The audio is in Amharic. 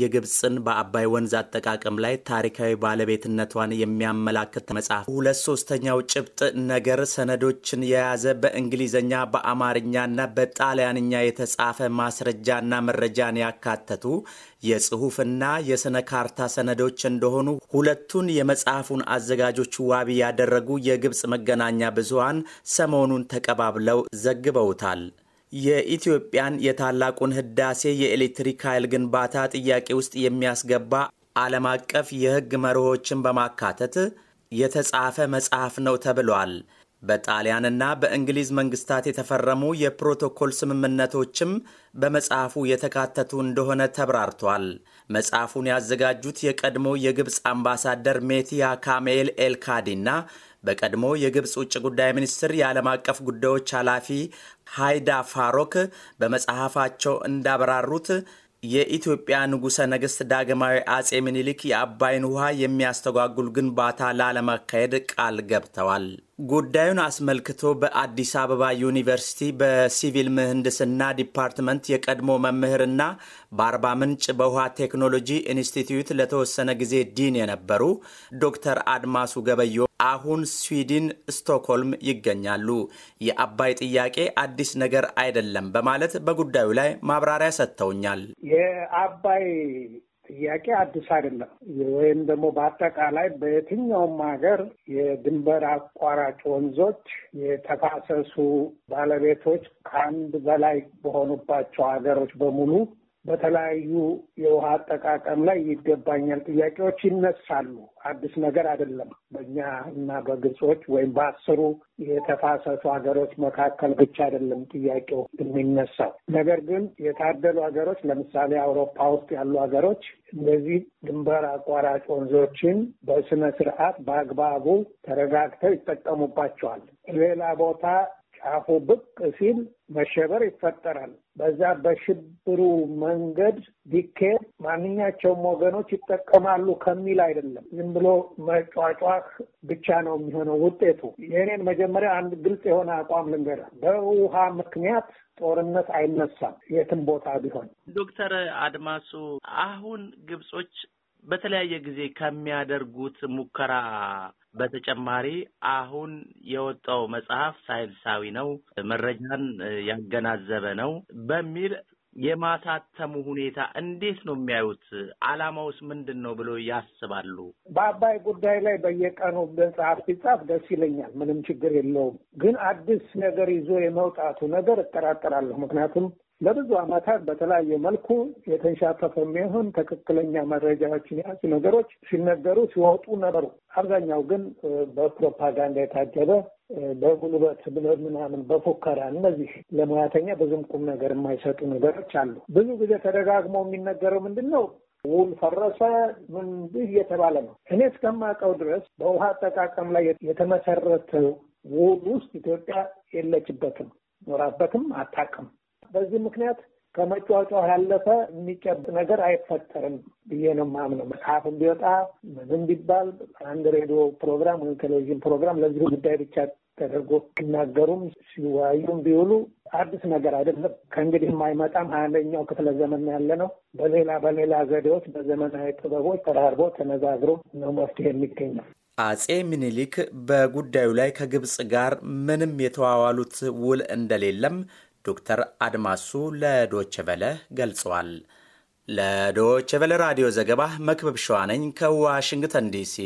የግብፅን በአባይ ወንዝ አጠቃቀም ላይ ታሪካዊ ባለቤትነቷን የሚያመላክት መጽሐፍ ሁለት ሶስተኛው ጭብጥ ነገር ሰነዶችን የያዘ በእንግሊዝኛ በአማርኛና በጣሊያንኛ የተጻፈ ማስረጃና መረጃን ያካተቱ የጽሑፍና የሥነ ካርታ ሰነዶች እንደሆኑ ሁለቱን የመጽሐፉን አዘጋጆች ዋቢ ያደረጉ የግብፅ መገናኛ ብዙሃን ሰሞኑን ተቀባብለው ዘግበውታል። የኢትዮጵያን የታላቁን ህዳሴ የኤሌክትሪክ ኃይል ግንባታ ጥያቄ ውስጥ የሚያስገባ ዓለም አቀፍ የሕግ መርሆችን በማካተት የተጻፈ መጽሐፍ ነው ተብሏል። በጣሊያንና በእንግሊዝ መንግስታት የተፈረሙ የፕሮቶኮል ስምምነቶችም በመጽሐፉ የተካተቱ እንደሆነ ተብራርቷል። መጽሐፉን ያዘጋጁት የቀድሞ የግብፅ አምባሳደር ሜቲያ ካሜል ኤልካዲና በቀድሞ የግብፅ ውጭ ጉዳይ ሚኒስትር የዓለም አቀፍ ጉዳዮች ኃላፊ ሃይዳ ፋሮክ በመጽሐፋቸው እንዳብራሩት የኢትዮጵያ ንጉሠ ነገሥት ዳግማዊ አጼ ምኒልክ የአባይን ውሃ የሚያስተጓጉል ግንባታ ላለማካሄድ ቃል ገብተዋል። ጉዳዩን አስመልክቶ በአዲስ አበባ ዩኒቨርሲቲ በሲቪል ምህንድስና ዲፓርትመንት የቀድሞ መምህርና በአርባ ምንጭ በውሃ ቴክኖሎጂ ኢንስቲትዩት ለተወሰነ ጊዜ ዲን የነበሩ ዶክተር አድማሱ ገበዮ አሁን ስዊድን ስቶክሆልም ይገኛሉ። የአባይ ጥያቄ አዲስ ነገር አይደለም በማለት በጉዳዩ ላይ ማብራሪያ ሰጥተውኛል። የአባይ ጥያቄ አዲስ አይደለም። ወይም ደግሞ በአጠቃላይ በየትኛውም ሀገር የድንበር አቋራጭ ወንዞች የተፋሰሱ ባለቤቶች ከአንድ በላይ በሆኑባቸው ሀገሮች በሙሉ በተለያዩ የውሃ አጠቃቀም ላይ ይገባኛል ጥያቄዎች ይነሳሉ። አዲስ ነገር አይደለም። በእኛ እና በግብጾች ወይም በአስሩ የተፋሰሱ ሀገሮች መካከል ብቻ አይደለም ጥያቄው የሚነሳው። ነገር ግን የታደሉ ሀገሮች ለምሳሌ አውሮፓ ውስጥ ያሉ ሀገሮች እንደዚህ ድንበር አቋራጭ ወንዞችን በስነ ስርዓት በአግባቡ ተረጋግተው ይጠቀሙባቸዋል። ሌላ ቦታ ጫፉ ብቅ ሲል መሸበር ይፈጠራል። በዛ በሽብሩ መንገድ ቢካሄድ ማንኛቸውም ወገኖች ይጠቀማሉ ከሚል አይደለም። ዝም ብሎ መጫጫህ ብቻ ነው የሚሆነው ውጤቱ። የእኔን መጀመሪያ አንድ ግልጽ የሆነ አቋም ልንገርህ። በውሃ ምክንያት ጦርነት አይነሳም የትም ቦታ ቢሆን። ዶክተር አድማሱ አሁን ግብጾች በተለያየ ጊዜ ከሚያደርጉት ሙከራ በተጨማሪ አሁን የወጣው መጽሐፍ ሳይንሳዊ ነው፣ መረጃን ያገናዘበ ነው በሚል የማሳተሙ ሁኔታ እንዴት ነው የሚያዩት? አላማውስ ምንድን ነው ብሎ ያስባሉ? በአባይ ጉዳይ ላይ በየቀኑ መጽሐፍ ቢጻፍ ደስ ይለኛል። ምንም ችግር የለውም። ግን አዲስ ነገር ይዞ የመውጣቱ ነገር እጠራጠራለሁ። ምክንያቱም ለብዙ ዓመታት በተለያየ መልኩ የተንሻፈፈ የሚሆን ትክክለኛ መረጃዎችን የያዙ ነገሮች ሲነገሩ ሲወጡ ነበሩ። አብዛኛው ግን በፕሮፓጋንዳ የታጀበ በጉልበት ምናምን በፉከራ እነዚህ ለሙያተኛ ብዙም ቁም ነገር የማይሰጡ ነገሮች አሉ። ብዙ ጊዜ ተደጋግሞ የሚነገረው ምንድን ነው? ውል ፈረሰ ምን እየተባለ ነው። እኔ እስከማውቀው ድረስ በውሃ አጠቃቀም ላይ የተመሰረተው ውል ውስጥ ኢትዮጵያ የለችበትም፣ ኖራበትም አታውቅም። በዚህ ምክንያት ከመጫወጫ ያለፈ የሚጨብጥ ነገር አይፈጠርም ብዬ ነው የማምነው። መጽሐፍም ቢወጣ ምንም ቢባል አንድ ሬዲዮ ፕሮግራም ወይም ቴሌቪዥን ፕሮግራም ለዚህ ጉዳይ ብቻ ተደርጎ ሲናገሩም ሲወያዩም ቢውሉ አዲስ ነገር አይደለም። ከእንግዲህም አይመጣም። ሀያ አንደኛው ክፍለ ዘመን ያለ ነው። በሌላ በሌላ ዘዴዎች፣ በዘመናዊ ጥበቦች ተራርቦ ተነጋግሮ ነው መፍትሄ የሚገኘው። አጼ ምኒልክ በጉዳዩ ላይ ከግብፅ ጋር ምንም የተዋዋሉት ውል እንደሌለም ዶክተር አድማሱ ለዶቸበለ ገልጸዋል። ለዶቸበለ ራዲዮ ዘገባ መክበብ ሸዋነኝ ከዋሽንግተን ዲሲ